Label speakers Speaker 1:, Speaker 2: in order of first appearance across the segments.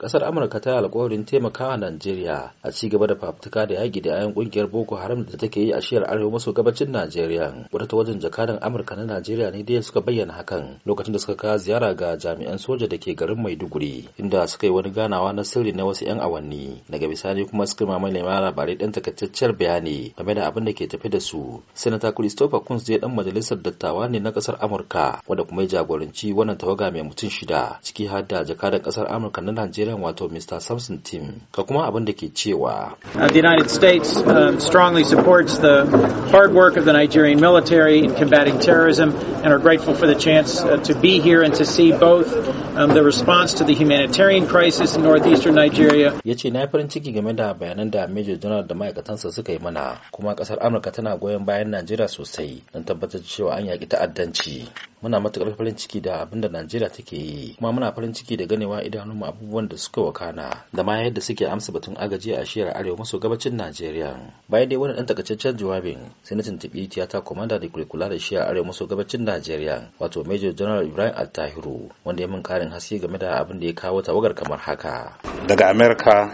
Speaker 1: kasar amurka ta yi alkawarin taimakawa najeriya a ci gaba da fafutuka da yaki da yayan ƙungiyar boko haram da take yi a shiyar arewa maso gabacin najeriya Wata ta wajen jakadan amurka na najeriya ne dai suka bayyana hakan lokacin da suka kawo ziyara ga jami'an soja da ke garin maiduguri inda suka yi wani ganawa na sirri na wasu 'yan awanni daga bisani kuma suka mamaye manema labarai dan takaitaccen bayani game da abin da ke tafe da su senata christopher kunz zai dan majalisar dattawa ne na kasar amurka wanda kuma ya jagoranci wannan tawaga mai mutum shida ciki har da jakadan kasar amurka na najeriya Najeriya wato Mr. Samson Tim ka kuma abin da ke cewa.
Speaker 2: Uh, the United States uh, strongly supports the hard work of the Nigerian military in combating terrorism and are grateful for the chance uh, to be here and to see both um, the response to the humanitarian crisis in northeastern Nigeria.
Speaker 1: Ya ce na farin ciki game da bayanan da Major General da ma'aikatansa suka yi mana kuma kasar Amurka tana goyon bayan Najeriya sosai don tabbatar cewa an yaƙi ta'addanci. muna matukar farin ciki da abinda Najeriya take yi kuma muna farin ciki da ganewa idanunmu abubuwan da suka wakana da ma yadda suke amsa batun agaji a shiyar arewa maso gabacin Najeriya bayan dai wani dan takaitaccen jawabin sai na tuntubi tiyata komanda da kuri kula da shiyar arewa maso gabacin Najeriya wato Major General Ibrahim Altahiru wanda ya min karin haske game da abin da ya kawo tawagar kamar
Speaker 3: haka daga America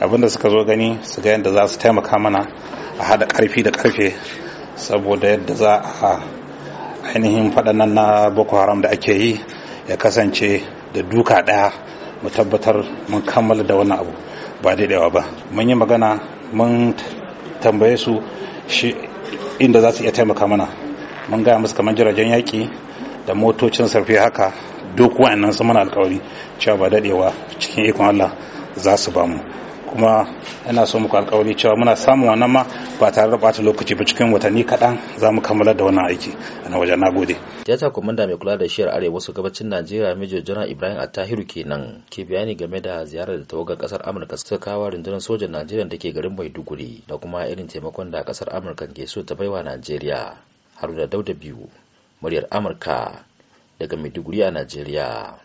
Speaker 3: da suka zo gani su ga yadda za su taimaka mana a hada karfi da karfe saboda yadda za a ainihin faɗannan na boko haram da ake yi ya kasance da duka ɗaya mu tabbatar mun kammala da wannan abu ba daidaiwa ba mun yi magana mun tambaye su shi inda za su iya taimaka mana mun gaya musu kamar jiragen yaƙi da motocin sarfi haka duk wa'annan su muna alkawari cewa ba daɗewa cikin ikon allah za su bamu kuma ina so muku alkawari cewa muna samun wannan ma ba tare da bata lokaci ba cikin watanni kaɗan za mu kammala da wannan aiki a nan wajen nagode. jata
Speaker 1: kwamanda mai kula da shiyar arewa su gabacin najeriya major general ibrahim attahiru
Speaker 3: kenan ke bayani game
Speaker 1: da ziyarar da tawagar kasar amurka suka kawo rundunar sojan najeriya da ke garin maiduguri da kuma irin taimakon da kasar amurka ke so ta baiwa najeriya haruna dauda biyu muryar amurka daga maiduguri a najeriya